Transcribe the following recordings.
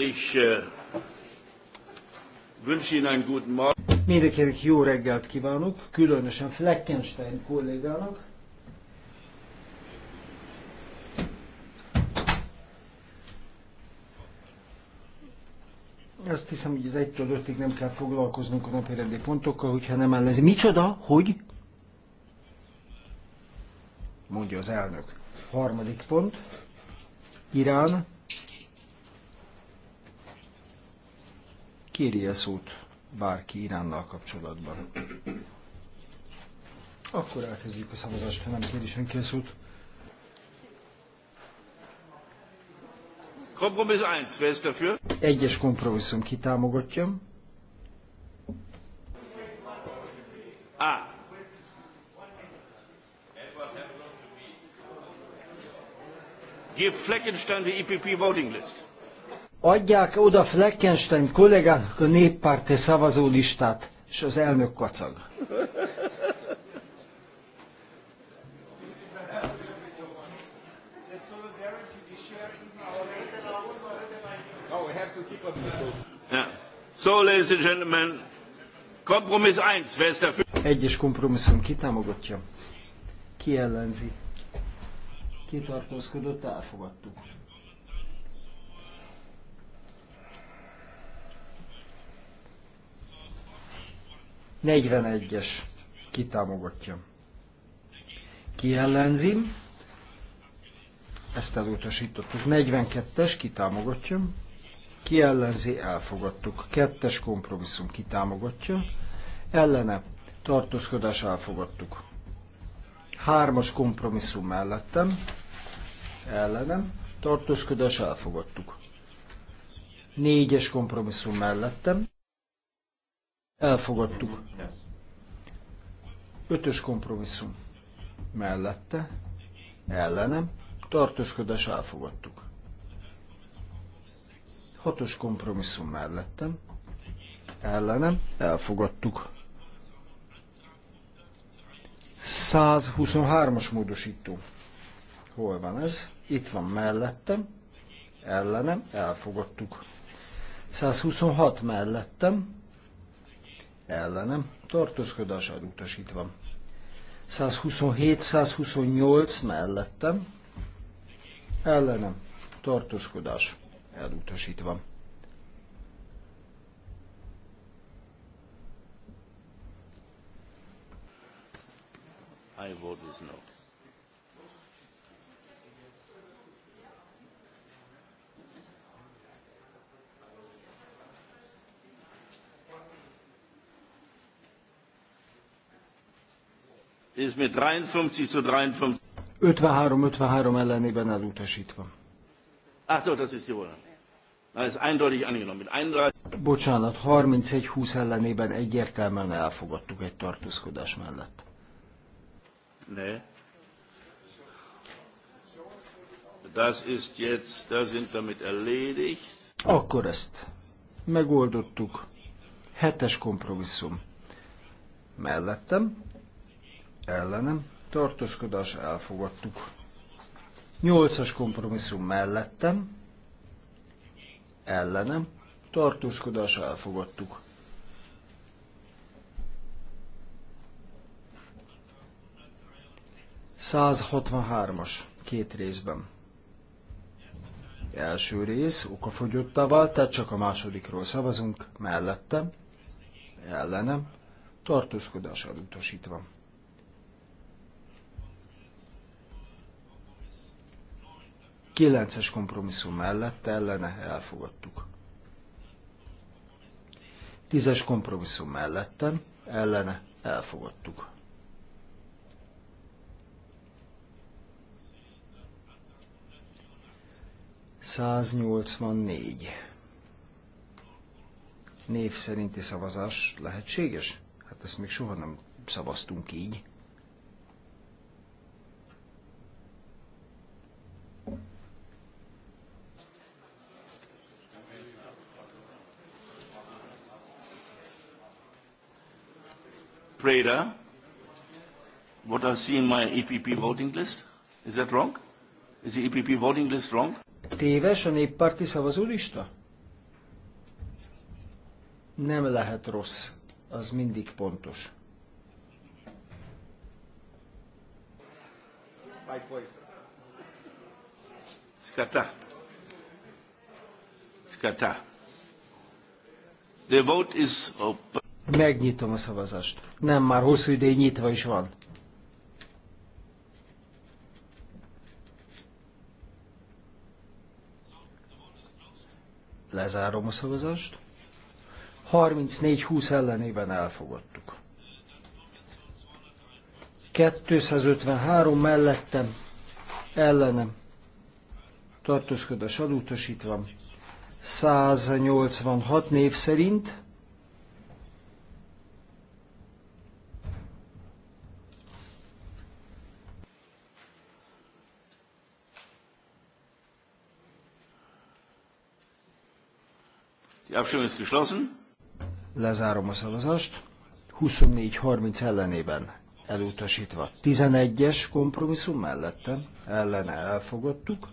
Ich äh, Mindenkinek jó reggelt kívánok, különösen Fleckenstein kollégának. Azt hiszem, hogy az 1-től 5-ig nem kell foglalkoznunk a napirendi pontokkal, hogyha nem ez. Micsoda? Hogy? Mondja az elnök. Harmadik pont. Irán kéri a szót bárki Iránnal kapcsolatban. Akkor elkezdjük a szavazást, ha nem kéri senki a szót. Kompromiss 1, wer ist dafür? Egyes kompromisszum kitámogatja. A. Give Fleckenstein the EPP voting list adják oda Fleckenstein kollégának a néppárti szavazólistát, és az elnök kacag. 1, Egyes kompromisszum kitámogatja. Ki ellenzi? Kitartózkodott, elfogadtuk. 41-es kitámogatja. Ki ellenzi? Ezt elutasítottuk. 42-es kitámogatja. Ki ellenzi? Elfogadtuk. Kettes kompromisszum kitámogatja. Ellene tartózkodás elfogadtuk. Hármas kompromisszum mellettem. Ellenem tartózkodás elfogadtuk. Négyes kompromisszum mellettem Elfogadtuk. Ötös kompromisszum. Mellette, ellenem, tartózkodás elfogadtuk. Hatos kompromisszum mellettem, ellenem, elfogadtuk. 123-as módosító. Hol van ez? Itt van mellettem, ellenem, elfogadtuk. 126 mellettem, ellenem, tartózkodás utasítva. 127-128 mellettem, ellenem, tartózkodás elutasítva. I vote is ist mit 53 zu 53. 53-53 ellenében elutasítva. Ach das ist die ez eindeutig angenommen. Mit 31... Bocsánat, 31-20 ellenében egyértelműen elfogadtuk egy tartózkodás mellett. Ne. Das ist jetzt, da sind damit erledigt. Akkor ezt megoldottuk. Hetes kompromisszum. Mellettem ellenem, tartózkodás elfogadtuk. Nyolcas kompromisszum mellettem, ellenem, tartózkodás elfogadtuk. as két részben. Első rész okafogyottá vált, tehát csak a másodikról szavazunk, mellettem, ellenem, tartózkodás elutasítva. 9-es kompromisszum mellett ellene elfogadtuk. 10-es kompromisszum mellettem ellene elfogadtuk. Száznyolcvannégy. Név szerinti szavazás lehetséges? Hát ezt még soha nem szavaztunk így. Prada, what I see in my EPP voting list. Is that wrong? Is the EPP voting list wrong? Téves a néppárti szavazólista? Nem lehet rossz. Az mindig pontos. Skata. Skata. The vote is open. Megnyitom a szavazást. Nem, már hosszú ideig nyitva is van. Lezárom a szavazást. 34-20 ellenében elfogadtuk. 253 mellettem, ellenem, tartózkodás elutasítva, 186 név szerint, Die Abstimmung ist geschlossen. Lezárom a szavazást. 24-30 ellenében elutasítva. 11-es kompromisszum mellette, ellene elfogadtuk.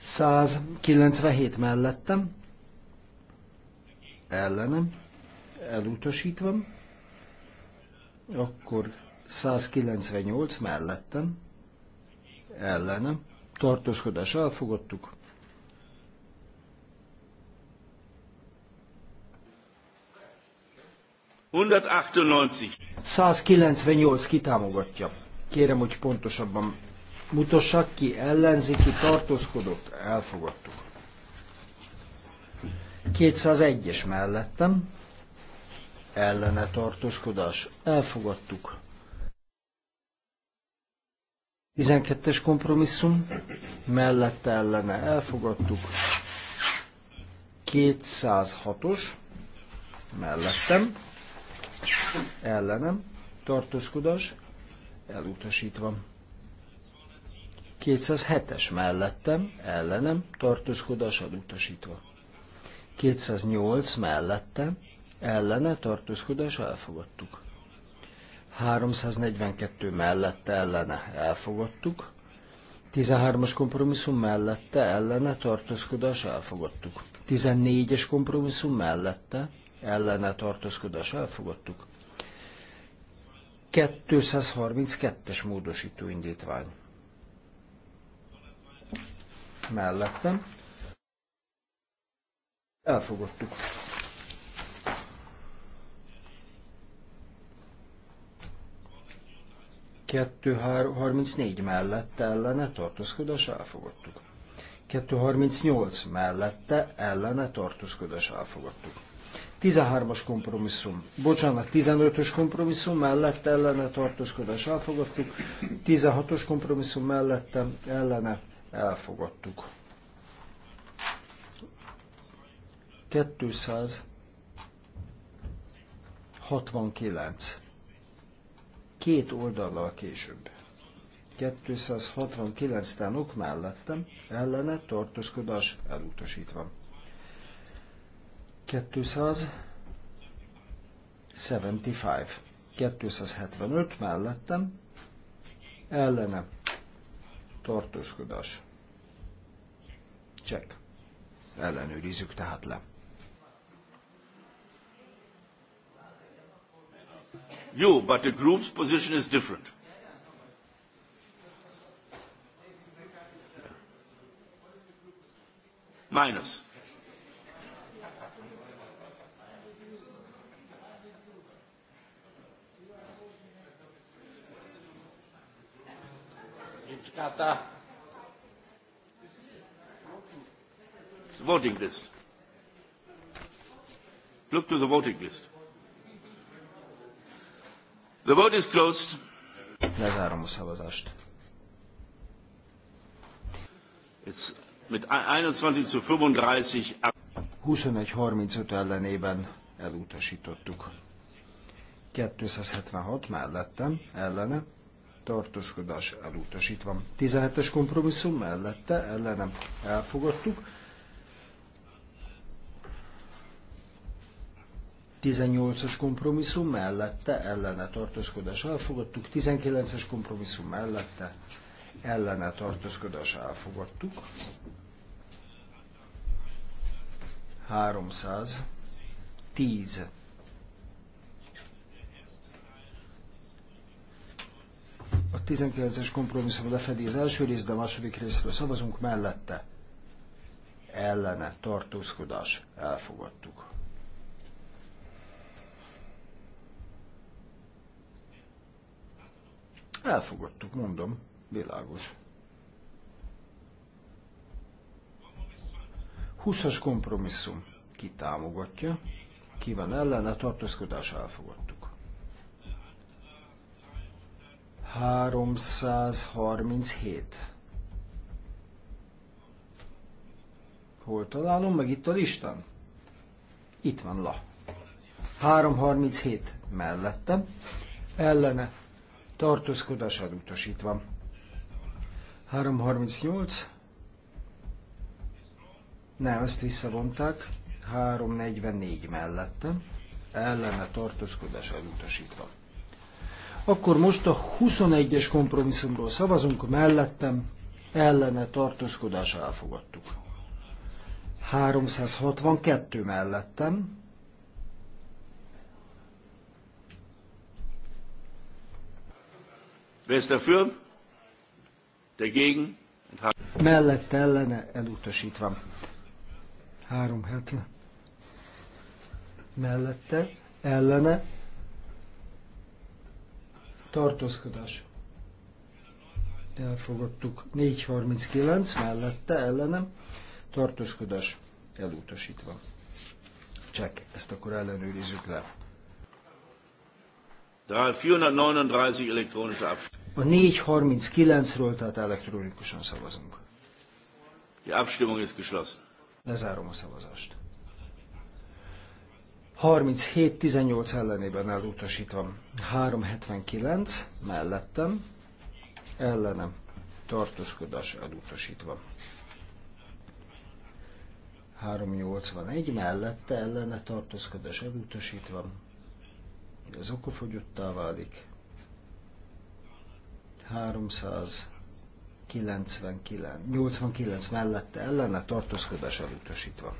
197 mellettem, ellenem, elutasítva. Akkor 198 mellettem, ellenem, tartózkodás elfogadtuk. 198. kitámogatja. Kérem, hogy pontosabban mutassak ki, ellenzéki tartózkodott, elfogadtuk. 201-es mellettem, ellene tartózkodás, elfogadtuk. 12-es kompromisszum, mellette ellene elfogadtuk. 206-os, mellettem, ellenem, tartózkodás elutasítva. 207-es mellettem, ellenem, tartózkodás elutasítva. 208 mellettem, ellene, tartózkodás elfogadtuk. 342 mellette, ellene, elfogadtuk. 13-as kompromisszum mellette, ellene, tartózkodás elfogadtuk. 14-es kompromisszum mellette, ellene, tartózkodás elfogadtuk. 232-es módosító indítvány. Mellettem. Elfogadtuk. Kettő 34 mellette ellene tartózkodás elfogadtuk. 238 mellette ellene tartózkodás elfogadtuk. 13-as kompromisszum. Bocsánat, 15-ös kompromisszum mellette ellene tartózkodás elfogadtuk, 16-os kompromisszum mellette ellene elfogadtuk. 269. Két oldallal később. 269 tánok mellettem ellene tartózkodás elutasítva. 275. 275 mellettem, ellene, tartózkodás. Check. Ellenőrizzük tehát le. You, but the group's position is different. Minus. Κατά. Voting list. Look to the voting list. The vote is closed. Lezárom a szavazást. It's mit 21 zu 35 21-35 ellenében elutasítottuk. 276 mellettem, ellene, tartózkodás elutasítva. 17-es kompromisszum mellette ellenem elfogadtuk. 18-as kompromisszum mellette ellene tartózkodás elfogadtuk, 19-es kompromisszum mellette ellene tartózkodás elfogadtuk. 310 A 19-es kompromisszum lefedi az első rész, de a második részről szavazunk mellette. Ellene tartózkodás. Elfogadtuk. Elfogadtuk, mondom. Világos. 20-as kompromisszum. kitámogatja, Ki van ellene? Tartózkodás elfogad. 337. Hol találom meg itt a listán? Itt van la. 337 mellettem, ellene tartózkodás elutasítva. 338, ne, azt visszavonták, 344 mellettem, ellene tartózkodás elutasítva. Akkor most a 21-es kompromisszumról szavazunk, mellettem ellene tartózkodás elfogadtuk. 362 mellettem, Wer ist Dagegen? Mellett ellene elutasítva. 370. Mellette ellene tartózkodás. Elfogadtuk 439 mellette ellenem, tartózkodás elutasítva. Csek, ezt akkor ellenőrizzük le. A 439-ről, tehát elektronikusan szavazunk. Lezárom a szavazást. 37-18 ellenében elutasítva. 379 mellettem, ellenem tartózkodás elutasítva. 381 mellette ellene tartózkodás elutasítva. Ez okofogyottá válik. 399 89 mellette ellene tartózkodás elutasítva.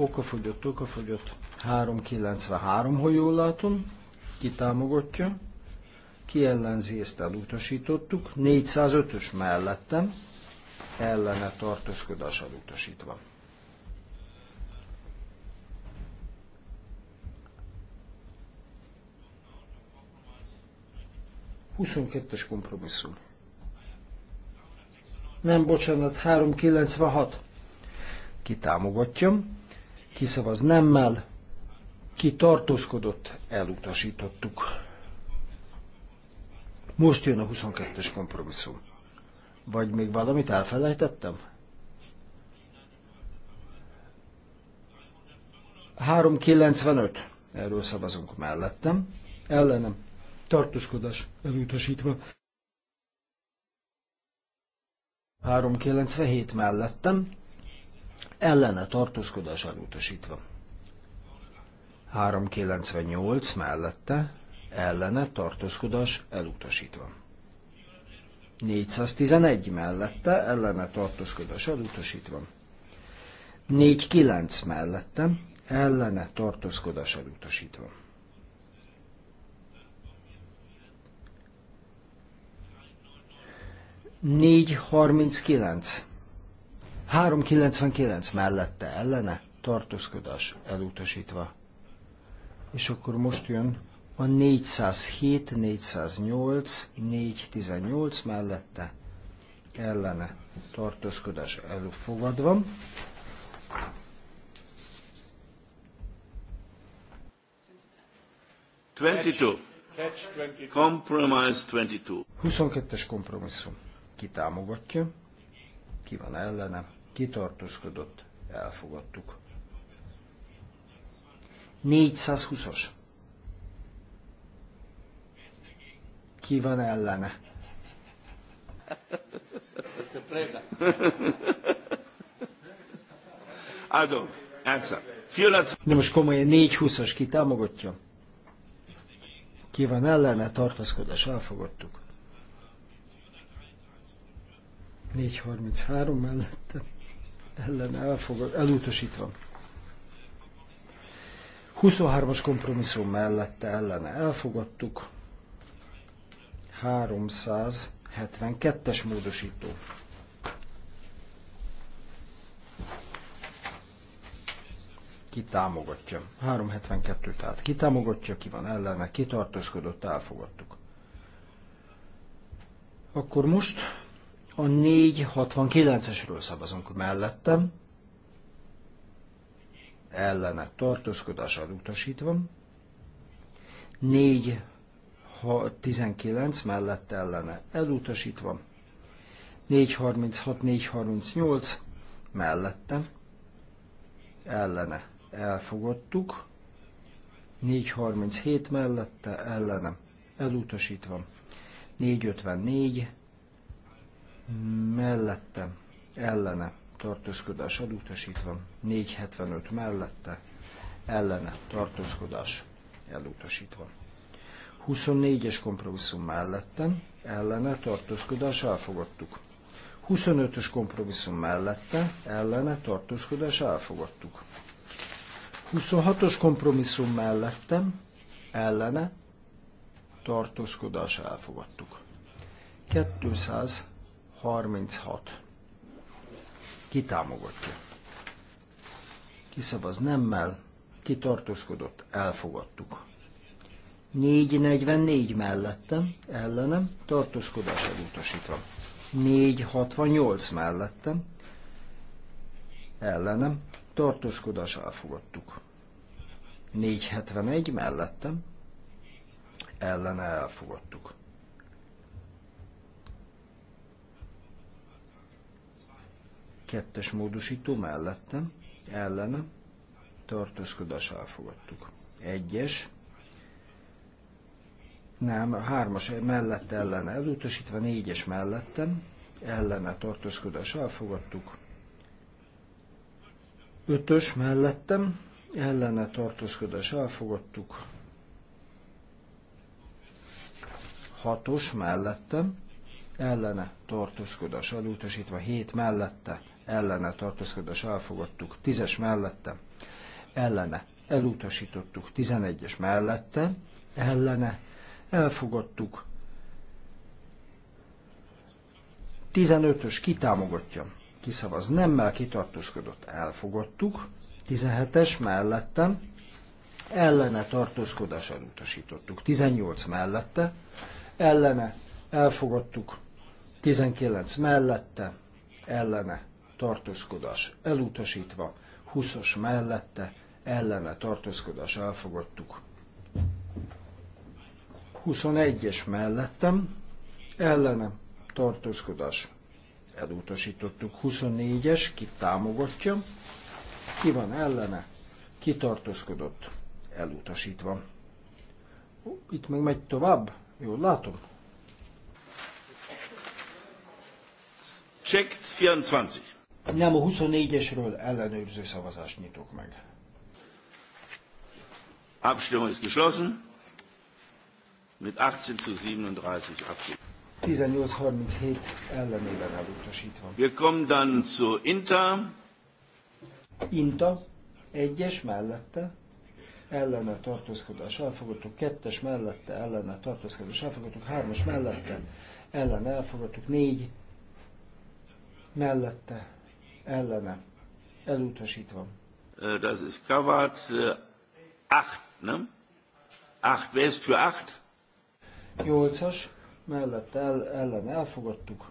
Okafogyott, okafogyott. 393, ha jól látom. Ki támogatja? Ki ellenzi, ezt elutasítottuk. 405-ös mellettem. Ellene tartózkodás elutasítva. Huszonkettes kompromisszum. Nem, bocsánat, 396. Ki támogatja? ki szavaz nemmel, ki tartózkodott, elutasítottuk. Most jön a 22-es kompromisszum. Vagy még valamit elfelejtettem? 395. Erről szavazunk mellettem. Ellenem. Tartózkodás elutasítva. 397 mellettem ellene tartózkodás elutasítva. 398 mellette ellene tartózkodás elutasítva. 411 mellette ellene tartózkodás elutasítva. 49 mellette ellene tartózkodás elutasítva. Négy 399 mellette ellene tartózkodás elutasítva. És akkor most jön a 407, 408, 418 mellette ellene tartózkodás elfogadva. Twenty-two. Compromise 22. 22-es kompromisszum. kitámogatja, Ki van ellene? kitartózkodott, elfogadtuk. 420 os Ki van ellene? Adom, answer. De most komolyan 420-as ki támogatja? Ki van ellene? Tartózkodás elfogadtuk. 433 mellette ellen elfogad, elutasítva. 23-as kompromisszum mellette ellene elfogadtuk. 372-es módosító. Ki támogatja? 372 tehát ki támogatja, ki van ellene, ki tartózkodott, elfogadtuk. Akkor most a 469-esről szavazunk mellettem. Ellene tartózkodását utasítva. 4 19 mellett ellene elutasítva. 436-438 mellette ellene elfogadtuk. 437 mellette ellene elutasítva. 454 mellette, ellene, tartózkodás elutasítva, 475 mellette, ellene, tartózkodás elutasítva. 24-es kompromisszum mellette, ellene, tartózkodás elfogadtuk. 25-ös kompromisszum mellette, ellene, tartózkodás elfogadtuk. 26-os kompromisszum mellettem, ellene, tartózkodás elfogadtuk. 200 36. Ki támogatja? Ki szavaz nemmel? Ki tartózkodott? Elfogadtuk. 444 mellettem, ellenem, tartózkodás elutasítva. 468 mellettem, ellenem, tartózkodás elfogadtuk. 471 mellettem, ellene elfogadtuk. Kettes módosító mellettem, ellenem, tartózkodás elfogadtuk. Egyes, nem, hármas mellett ellene elutasítva, négyes mellettem, ellene tartózkodás elfogadtuk. Ötös mellettem, ellene tartózkodás elfogadtuk. Hatos mellettem, ellene tartózkodás elutasítva, hét mellette, ellene tartózkodás elfogadtuk, tízes mellette ellene elutasítottuk, tizenegyes mellette ellene elfogadtuk, 15-ös kitámogatja, kiszavaz nemmel, kitartózkodott, elfogadtuk, 17-es mellettem, ellene tartózkodás elutasítottuk, 18 mellette, ellene elfogadtuk, 19 mellette, ellene tartózkodás elutasítva, 20-os mellette, ellene tartózkodás elfogadtuk. 21-es mellettem, ellene tartózkodás elutasítottuk. 24-es, ki támogatja, ki van ellene, ki tartózkodott, elutasítva. Itt meg megy tovább, jól látom. Check 24. Nem, a 24-esről ellenőrző szavazást nyitok meg. Abstimmung ist geschlossen. Mit 18 zu 37 abgelehnt. 1837 ellenében elutasítva. Wir kommen dann zu Inter. Inta, egyes mellette, ellene tartózkodás elfogadtuk, kettes mellette, ellene tartózkodás elfogadtuk, hármas mellette, ellen elfogadtuk, négy mellette, ellene, elutasítva. Äh, das ist Kavat 8, nem? 8, wer ist für 8? 8-as, mellett el, ellen elfogadtuk.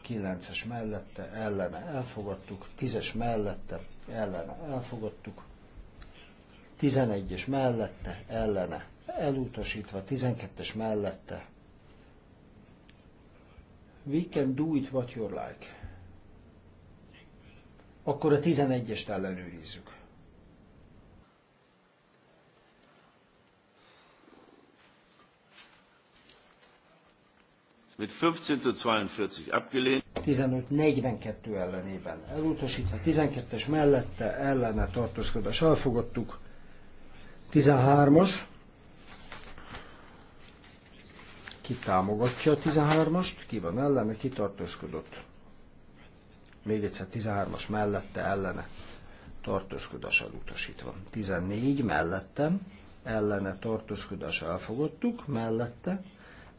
Kilences mellette, ellene elfogadtuk. Tízes mellette, ellene elfogadtuk. Tizenegyes mellette, ellene elutasítva. Tizenkettes mellette, We can do it what you like. Akkor a 11-est ellenőrizzük. Mit 15 42 abgelehnt. 15-42 ellenében elutasítva, 12-es mellette ellene tartózkodás elfogadtuk. 13-as Ki támogatja a 13-ast, ki van ellene, ki tartózkodott. Még egyszer 13-as mellette, ellene tartózkodás elutasítva. 14 mellettem, ellene tartózkodás elfogadtuk, mellette,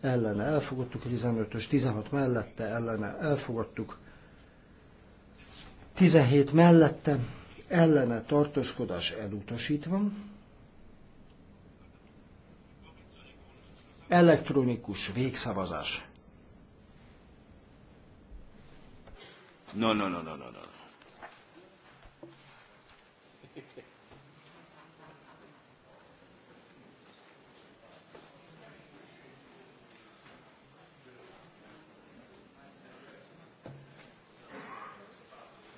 ellene elfogadtuk, 15-ös, 16 mellette, ellene elfogadtuk, 17 mellette, ellene tartózkodás elutasítva, Elektronikus végszavazás. No, no, no, no, no, no.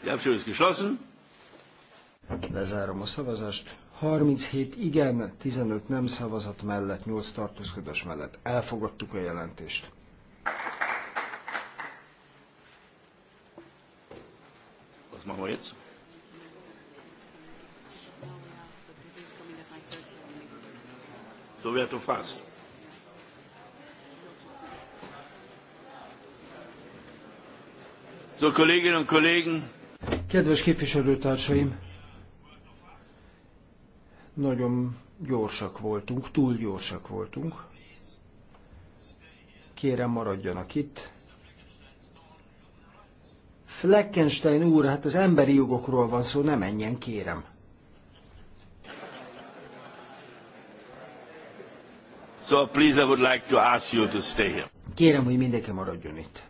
Die Abstimmung ist geschlossen. Lezárom a szavazást. 37 igen, 15 nem szavazat mellett, 8 tartózkodás mellett. Elfogadtuk a jelentést. Az ma wir jetzt? So we have to fast. So, Kolleginnen und Kollegen. Kedves képviselőtársaim, nagyon gyorsak voltunk, túl gyorsak voltunk. Kérem, maradjanak itt. Fleckenstein úr, hát az emberi jogokról van szó, ne menjen, kérem. So please, I would like to ask you to stay here. Kérem, hogy mindenki maradjon itt.